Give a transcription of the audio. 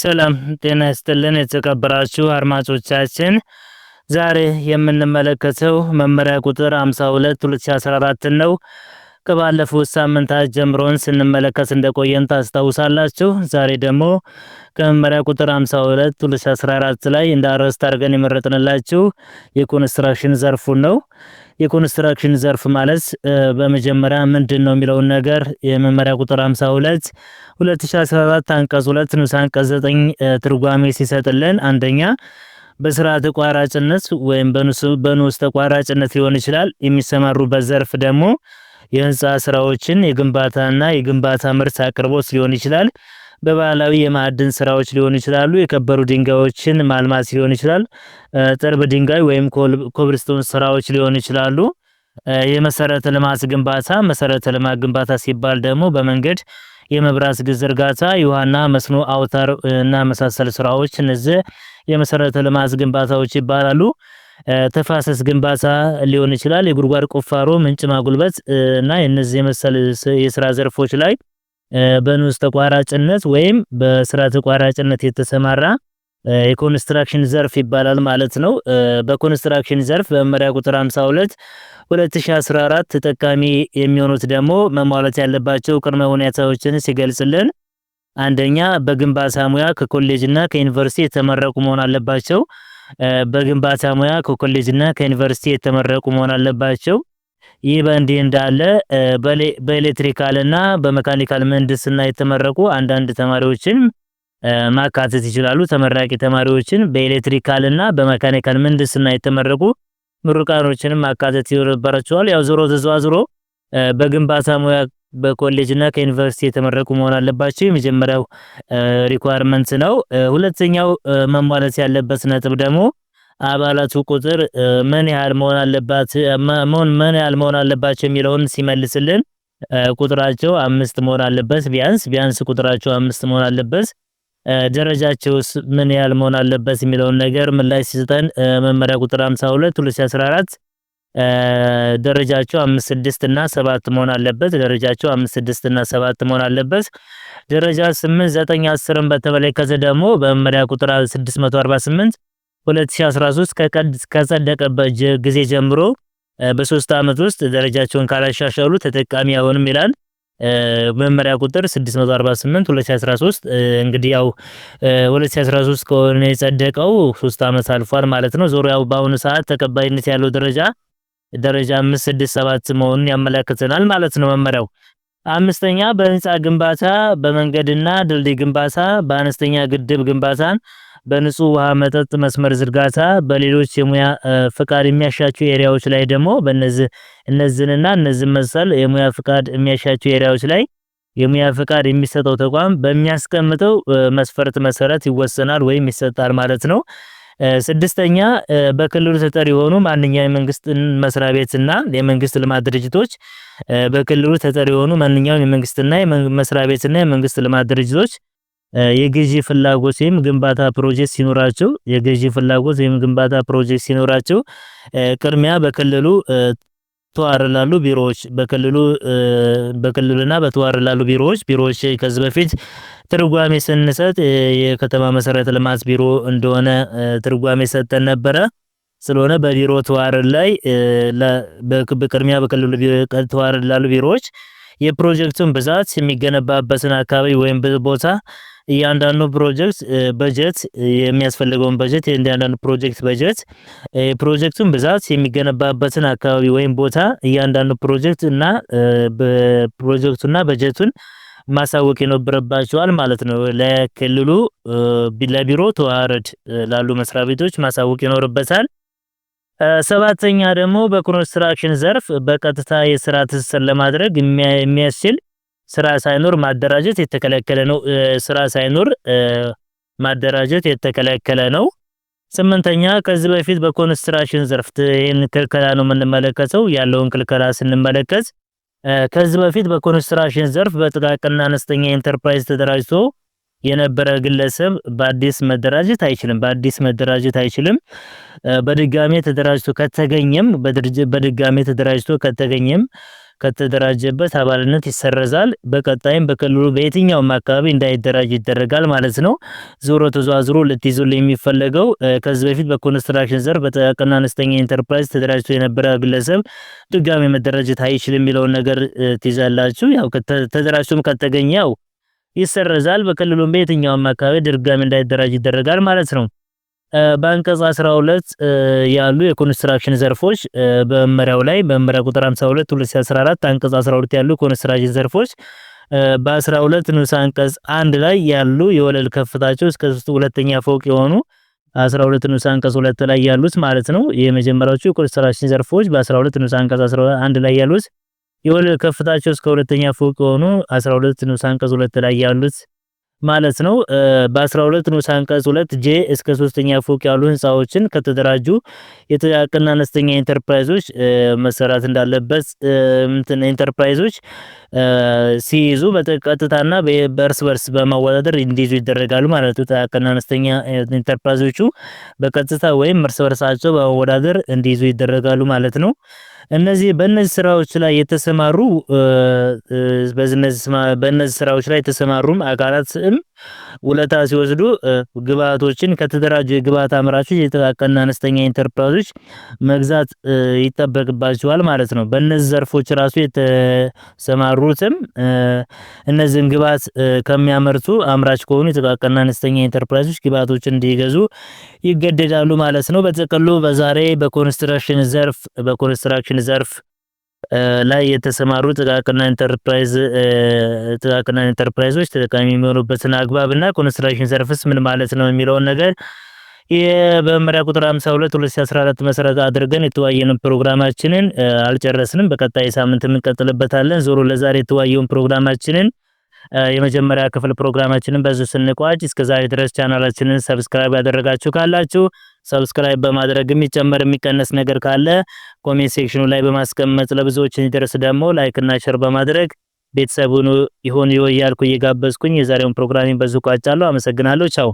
ሰላም ጤና ይስጥልን የተከበራችሁ አድማጮቻችን፣ ዛሬ የምንመለከተው መመሪያ ቁጥር 52 2014 ነው። ከባለፉት ሳምንታት ጀምሮን ስንመለከት እንደቆየን ታስታውሳላችሁ። ዛሬ ደግሞ ከመመሪያ ቁጥር 52 2014 ላይ እንደ አርዕስት አድርገን የመረጥንላችሁ የኮንስትራክሽን ዘርፉን ነው። የኮንስትራክሽን ዘርፍ ማለት በመጀመሪያ ምንድን ነው የሚለውን ነገር የመመሪያ ቁጥር 52 2014 አንቀጽ 2 ንዑስ አንቀጽ 9 ትርጓሜ ሲሰጥልን አንደኛ በስራ ተቋራጭነት ወይም በንዑስ ተቋራጭነት ሊሆን ይችላል። የሚሰማሩበት ዘርፍ ደግሞ የህንፃ ስራዎችን የግንባታና የግንባታ ምርት አቅርቦት ሊሆን ይችላል። በባህላዊ የማዕድን ስራዎች ሊሆኑ ይችላሉ። የከበሩ ድንጋዮችን ማልማት ሊሆን ይችላል። ጥርብ ድንጋይ ወይም ኮብልስቶን ስራዎች ሊሆን ይችላሉ። የመሰረተ ልማት ግንባታ፣ መሰረተ ልማት ግንባታ ሲባል ደግሞ በመንገድ የመብራት ዝርጋታ፣ የውሃና መስኖ አውታር እና መሳሰል ስራዎች እነዚህ የመሰረተ ልማት ግንባታዎች ይባላሉ። ተፋሰስ ግንባታ ሊሆን ይችላል። የጉድጓድ ቁፋሮ፣ ምንጭ ማጉልበት እና የነዚህ የመሰል የስራ ዘርፎች ላይ በንዑስ ተቋራጭነት ወይም በስራ ተቋራጭነት የተሰማራ የኮንስትራክሽን ዘርፍ ይባላል ማለት ነው። በኮንስትራክሽን ዘርፍ በመመሪያ ቁጥር 52 2014 ተጠቃሚ የሚሆኑት ደግሞ መሟላት ያለባቸው ቅድመ ሁኔታዎችን ሲገልጽልን አንደኛ በግንባታ ሙያ ከኮሌጅና ከዩኒቨርሲቲ የተመረቁ መሆን አለባቸው። በግንባታ ሙያ ከኮሌጅ እና ከዩኒቨርሲቲ የተመረቁ መሆን አለባቸው። ይህ በእንዲህ እንዳለ በኤሌክትሪካል በመካኒካል ምህንድስና የተመረቁ አንዳንድ ተማሪዎችን ማካተት ይችላሉ። ተመራቂ ተማሪዎችን በኤሌክትሪካል እና በመካኒካል ምህንድስና የተመረቁ ምሩቃኖችንም ማካተት ይኖርባቸዋል። ያው ዞሮ ተዘዋዝሮ በግንባታ ሙያ በኮሌጅና ከዩኒቨርሲቲ የተመረቁ መሆን አለባቸው። የመጀመሪያው ሪኳርመንት ነው። ሁለተኛው መሟላት ያለበት ነጥብ ደግሞ አባላቱ ቁጥር ምን ያህል መሆን አለባት ምን ያህል መሆን አለባቸው የሚለውን ሲመልስልን ቁጥራቸው አምስት መሆን አለበት። ቢያንስ ቢያንስ ቁጥራቸው አምስት መሆን አለበት። ደረጃቸውስ ምን ያህል መሆን አለበት የሚለውን ነገር ምላሽ ሲሰጠን መመሪያ ቁጥር 52 2014 ደረጃቸው አምስት ስድስት እና ሰባት መሆን አለበት። ደረጃቸው አምስት ስድስት እና ሰባት መሆን አለበት። ደረጃ ስምንት ዘጠኝ አስርን በተመለከተ ደግሞ በመመሪያ ቁጥር 648 2013 ከቀድ ከጸደቀበት ጊዜ ጀምሮ በሶስት አመት ውስጥ ደረጃቸውን ካላሻሻሉ ተጠቃሚ አይሆንም ይላል መመሪያ ቁጥር 648 2013። እንግዲህ ያው 2013 ከሆነ የጸደቀው ሶስት አመት አልፏል ማለት ነው። ዞሮ ያው በአሁኑ ሰዓት ተቀባይነት ያለው ደረጃ ደረጃ 7 መሆኑን ያመለክተናል ማለት ነው መመሪያው። አምስተኛ በህንፃ ግንባታ በመንገድና ድልድይ ግንባታ በአነስተኛ ግድብ ግንባታን በንጹህ ውሃ መጠጥ መስመር ዝርጋታ በሌሎች የሙያ ፍቃድ የሚያሻቸው ኤሪያዎች ላይ ደግሞ በእነዚህ እነዚህንና እነዚህ መሰል የሙያ ፍቃድ የሚያሻቸው ኤሪያዎች ላይ የሙያ ፍቃድ የሚሰጠው ተቋም በሚያስቀምጠው መስፈርት መሰረት ይወሰናል ወይም ይሰጣል ማለት ነው። ስድስተኛ በክልሉ ተጠሪ የሆኑ ማንኛውም የመንግስት መስሪያ ቤትና የመንግስት ልማት ድርጅቶች በክልሉ ተጠሪ የሆኑ ማንኛውም የመንግስትና መስሪያ ቤትና የመንግስት ልማት ድርጅቶች የግዢ ፍላጎት ወይም ግንባታ ፕሮጀክት ሲኖራቸው የግዢ ፍላጎት ወይም ግንባታ ፕሮጀክት ሲኖራቸው ቅድሚያ በክልሉ ተዋርላሉ ቢሮዎች በክልሉ በክልሉና በተዋርላሉ ላሉ ቢሮዎች ቢሮዎች ከዚህ በፊት ትርጓሜ ስንሰጥ የከተማ መሰረተ ልማት ቢሮ እንደሆነ ትርጓሜ ሰጠን ነበረ። ስለሆነ በቢሮ ተዋር ላይ በቅድሚያ በክልሉ ተዋርላሉ ቢሮዎች የፕሮጀክቱን ብዛት የሚገነባበትን አካባቢ ወይም ቦታ እያንዳንዱ ፕሮጀክት በጀት የሚያስፈልገውን በጀት እያንዳንዱ ፕሮጀክት በጀት ፕሮጀክቱን ብዛት የሚገነባበትን አካባቢ ወይም ቦታ እያንዳንዱ ፕሮጀክት እና ፕሮጀክቱና በጀቱን ማሳወቅ ይኖርባቸዋል ማለት ነው። ለክልሉ ለቢሮ ተዋረድ ላሉ መስሪያ ቤቶች ማሳወቅ ይኖርበታል። ሰባተኛ ደግሞ በኮንስትራክሽን ዘርፍ በቀጥታ የስራ ትስስር ለማድረግ የሚያስችል ስራ ሳይኖር ማደራጀት የተከለከለ ነው። ስራ ሳይኖር ማደራጀት የተከለከለ ነው። ስምንተኛ ከዚህ በፊት በኮንስትራክሽን ዘርፍ ይህን ክልከላ ነው የምንመለከተው። ያለውን ክልከላ ስንመለከት ከዚህ በፊት በኮንስትራክሽን ዘርፍ በጥቃቅንና አነስተኛ ኢንተርፕራይዝ ተደራጅቶ የነበረ ግለሰብ በአዲስ መደራጀት አይችልም። በአዲስ መደራጀት አይችልም። በድጋሜ ተደራጅቶ ከተገኘም በድጋሜ ተደራጅቶ ከተገኘም ከተደራጀበት አባልነት ይሰረዛል። በቀጣይም በክልሉ በየትኛውም አካባቢ እንዳይደራጅ ይደረጋል ማለት ነው። ዞሮ ተዘዋዝሮ ልትይዞል የሚፈለገው ከዚህ በፊት በኮንስትራክሽን ዘርፍ በጥቃቅንና አነስተኛ ኢንተርፕራይዝ ተደራጅቶ የነበረ ግለሰብ ድጋሚ መደራጀት አይችል የሚለውን ነገር ትይዛላችሁ። ያው ተደራጅቶም ከተገኘ ያው ይሰረዛል። በክልሉም በየትኛውም አካባቢ ድጋሚ እንዳይደራጅ ይደረጋል ማለት ነው። በአንቀጽ 12 ያሉ የኮንስትራክሽን ዘርፎች በመመሪያው ላይ በመመሪያ ቁጥር 52 2014 አንቀጽ 12 ያሉ የኮንስትራክሽን ዘርፎች በ12 ንዑስ አንቀጽ 1 ላይ ያሉ የወለል ከፍታቸው እስከ ሁለተኛ ፎቅ የሆኑ 12 ንዑስ አንቀጽ 2 ላይ ያሉት ማለት ነው። የመጀመሪያዎቹ የኮንስትራክሽን ዘርፎች በ12 ንዑስ አንቀጽ 1 ላይ ያሉት የወለል ከፍታቸው እስከ ሁለተኛ ፎቅ የሆኑ 12 ንዑስ አንቀጽ 2 ላይ ያሉት ማለት ነው። በ12 ንዑስ አንቀጽ 2 ጄ እስከ ሶስተኛ ፎቅ ያሉ ህንፃዎችን ከተደራጁ የጥቃቅንና አነስተኛ ኢንተርፕራይዞች መሰራት እንዳለበት ኢንተርፕራይዞች ሲይዙ በቀጥታና በእርስ በርስ በማወዳደር እንዲይዙ ይደረጋሉ ማለት ነው። ጥቃቅንና አነስተኛ ኢንተርፕራይዞቹ በቀጥታ ወይም እርስ በርሳቸው በማወዳደር እንዲይዙ ይደረጋሉ ማለት ነው። እነዚህ በእነዚህ ስራዎች ላይ የተሰማሩ በእነዚህ ስራዎች ላይ የተሰማሩም አካላት በመንግስትም ውለታ ሲወስዱ ግብአቶችን ከተደራጀ ግብአት አምራቾች የተቃቀና አነስተኛ ኢንተርፕራይዞች መግዛት ይጠበቅባቸዋል ማለት ነው። በእነዚህ ዘርፎች ራሱ የተሰማሩትም እነዚህን ግብአት ከሚያመርቱ አምራች ከሆኑ የተቃቀና አነስተኛ ኢንተርፕራይዞች ግብአቶችን እንዲገዙ ይገደዳሉ ማለት ነው። በጥቅሉ በዛሬ በኮንስትራክሽን ዘርፍ በኮንስትራክሽን ዘርፍ ላይ የተሰማሩ ጥቃቅና ኢንተርፕራይዝ ጥቃቅና ኢንተርፕራይዞች ተጠቃሚ የሚሆኑበትን አግባብና ኮንስትራክሽን ሰርቪስ ምን ማለት ነው የሚለውን ነገር የመመሪያ ቁጥር 52 2014 መሰረት አድርገን የተወያየን ፕሮግራማችንን አልጨረስንም። በቀጣይ ሳምንት እንቀጥልበታለን። ዞሮ ለዛሬ የተዋየውን ፕሮግራማችንን የመጀመሪያ ክፍል ፕሮግራማችንን በዚሁ ስንቋጭ፣ እስከዛሬ ድረስ ቻናላችንን ሰብስክራይብ ያደረጋችሁ ካላችሁ ሰብስክራይብ በማድረግ የሚጨመር የሚቀነስ ነገር ካለ ኮሜንት ሴክሽኑ ላይ በማስቀመጥ ለብዙዎች እንዲደርስ ደግሞ ላይክ እና ሼር በማድረግ ቤተሰቡን ይሆን ይሁን እያልኩ እየጋበዝኩኝ የዛሬውን ፕሮግራሚንግ በዚሁ ቋጫለሁ። አመሰግናለሁ። ቻው